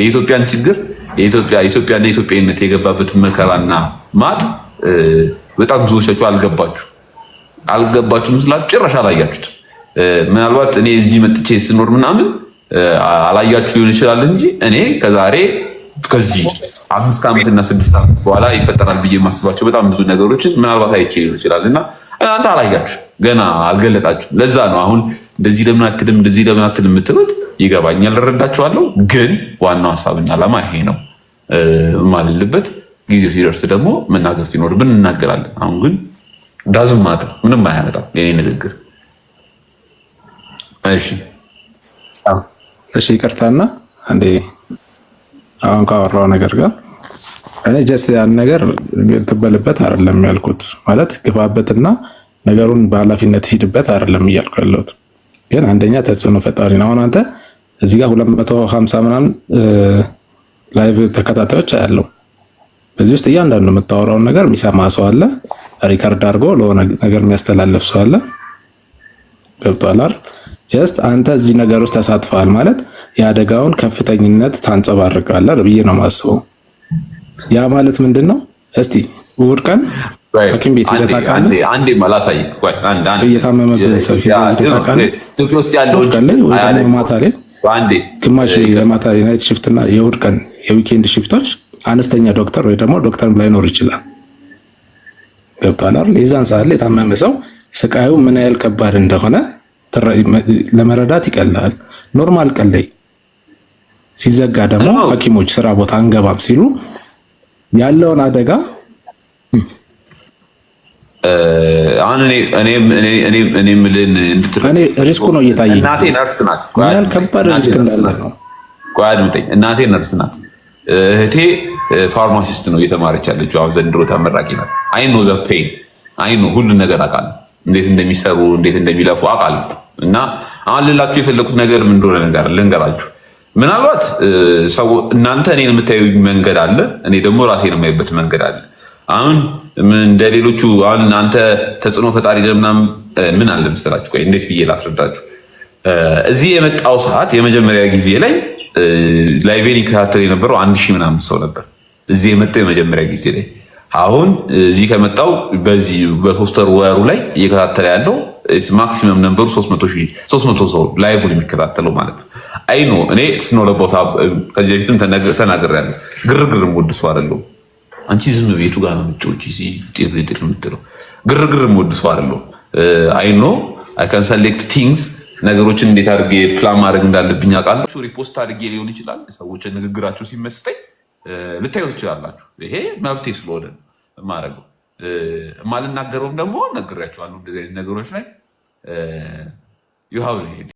የኢትዮጵያን ችግር ኢትዮጵያ ኢትዮጵያዊነት የገባበትን መከራና ማጥ በጣም ብዙዎቻችሁ አልገባችሁ አልገባችሁም ስላችሁ ጭራሽ አላያችሁት። ምናልባት እኔ እዚህ መጥቼ ስኖር ምናምን አላያችሁ ሊሆን ይችላል እንጂ እኔ ከዛሬ ከዚህ አምስት ዓመት እና ስድስት ዓመት በኋላ ይፈጠራል ብዬ የማስባቸው በጣም ብዙ ነገሮችን ምናልባት አይቼ ሊሆን ይችላል እና እናንተ አላያችሁ ገና አልገለጣችሁም። ለዛ ነው አሁን እንደዚህ ለምን አትልም እንደዚህ ለምን አትልም የምትሉት። ይገባኛል፣ እረዳችኋለሁ። ግን ዋናው ሀሳብና ዓላማ ይሄ ነው። ማልልበት ጊዜው ሲደርስ ደግሞ መናገር ሲኖርብን እናገራለን። አሁን ግን ዳዝም ማጥር ምንም አያመጣም የኔ ንግግር። እሺ እሺ፣ ይቅርታና አንዴ አሁን ካወራው ነገር ጋር እኔ ጀስት ያን ነገር ትበልበት አይደለም ያልኩት ማለት ግባበትና ነገሩን በኃላፊነት ሂድበት አይደለም እያልኩ ያለሁት ግን አንደኛ ተጽዕኖ ፈጣሪ ነው። አሁን አንተ እዚህ ጋር 250 ምናምን ላይቭ ተከታታዮች አያለው። በዚህ ውስጥ እያንዳንዱ የምታወራውን ነገር የሚሰማ ሰው አለ፣ ሪከርድ አድርጎ ለሆነ ነገር የሚያስተላልፍ ሰው አለ። ገብቷል አይደል? ጀስት አንተ እዚህ ነገር ውስጥ ተሳትፈሃል ማለት የአደጋውን ከፍተኝነት ታንጸባርቃለህ ብዬ ነው የማስበው። ያ ማለት ምንድን ነው? እስቲ እሑድ ቀን ሐኪም ቤት ሄደህ ታውቃለህ? ሰው ኢትዮጵያ ውስጥ ያለው ማታ ላይ ግማሽ የማታ የናይት ሽፍት እና የእሑድ ቀን የዊኬንድ ሽፍቶች አነስተኛ ዶክተር ወይ ደግሞ ዶክተርም ላይኖር ይችላል። አይደል? የዛን ሰዓት ላይ የታመመ ሰው ስቃዩ ምን ያህል ከባድ እንደሆነ ለመረዳት ይቀላል። ኖርማል ቀን ላይ ሲዘጋ ደግሞ ሐኪሞች ስራ ቦታ አንገባም ሲሉ ያለውን አደጋ አሁን እኔ ምልን ሪስኩ ነው እየታየ እናቴ ነርስ ናት። ያህል ከባድ ሪስክ እንዳለ ነው። ቆይ አድምጠኝ። እናቴ ነርስ ናት። እህቴ ፋርማሲስት ነው እየተማረች ያለች። አሁን ዘንድሮ ተመራቂ ናት። አይ ኖ ዘ ፔን አይ ኖ ሁሉን ነገር አውቃለሁ፣ እንዴት እንደሚሰሩ እንዴት እንደሚለፉ አውቃለሁ። እና አሁን ልላችሁ የፈለኩት ነገር ምን እንደሆነ ነገር ልንገራችሁ። ምናልባት ሰው እናንተ እኔን የምታዩ መንገድ አለ፣ እኔ ደግሞ ራሴን የማይበት መንገድ አለ። አሁን እንደ ሌሎቹ አሁን አንተ ተጽዕኖ ፈጣሪ ምናምን ምን አለ መሰላችሁ? ቆይ እንዴት ብዬ ላስረዳችሁ። እዚህ የመጣው ሰዓት የመጀመሪያ ጊዜ ላይ ላይቬን ይከታተል የነበረው አንድ ሺህ ምናምን ሰው ነበር፣ እዚህ የመጣው የመጀመሪያ ጊዜ ላይ። አሁን እዚህ ከመጣው በዚህ በሶስተር ወሩ ላይ እየከታተለ ያለው ማክሲመም ነበሩ ሶስት መቶ ሰው ላይቭን የሚከታተለው ማለት ነው። አይ ኖ እኔ ስኖለቦታ ከዚህ በፊትም ተናግሬያለሁ፣ ግርግር የምወድ ሰው አይደለሁም አንቺ ዝም ቤቱ ጋር ነው የምትጮጪ ጤፍ ነው የምትለው። ግርግር የምወድ ሰው አይደለሁም። አይ ኖ አይ ካን ሰሌክት ቲንግስ ነገሮችን እንዴት አድርጌ ፕላን ማድረግ እንዳለብኝ አውቃለሁ። ሪፖስት አድርጌ ሊሆን ይችላል ሰዎች ንግግራቸው ሲመስጠኝ ልታዩ ትችላላችሁ። ይሄ መብቴ ስለሆነ ማድረገው የማልናገረውም ደግሞ ነግሬያቸዋለሁ። እንደዚህ አይነት ነገሮች ላይ ዩ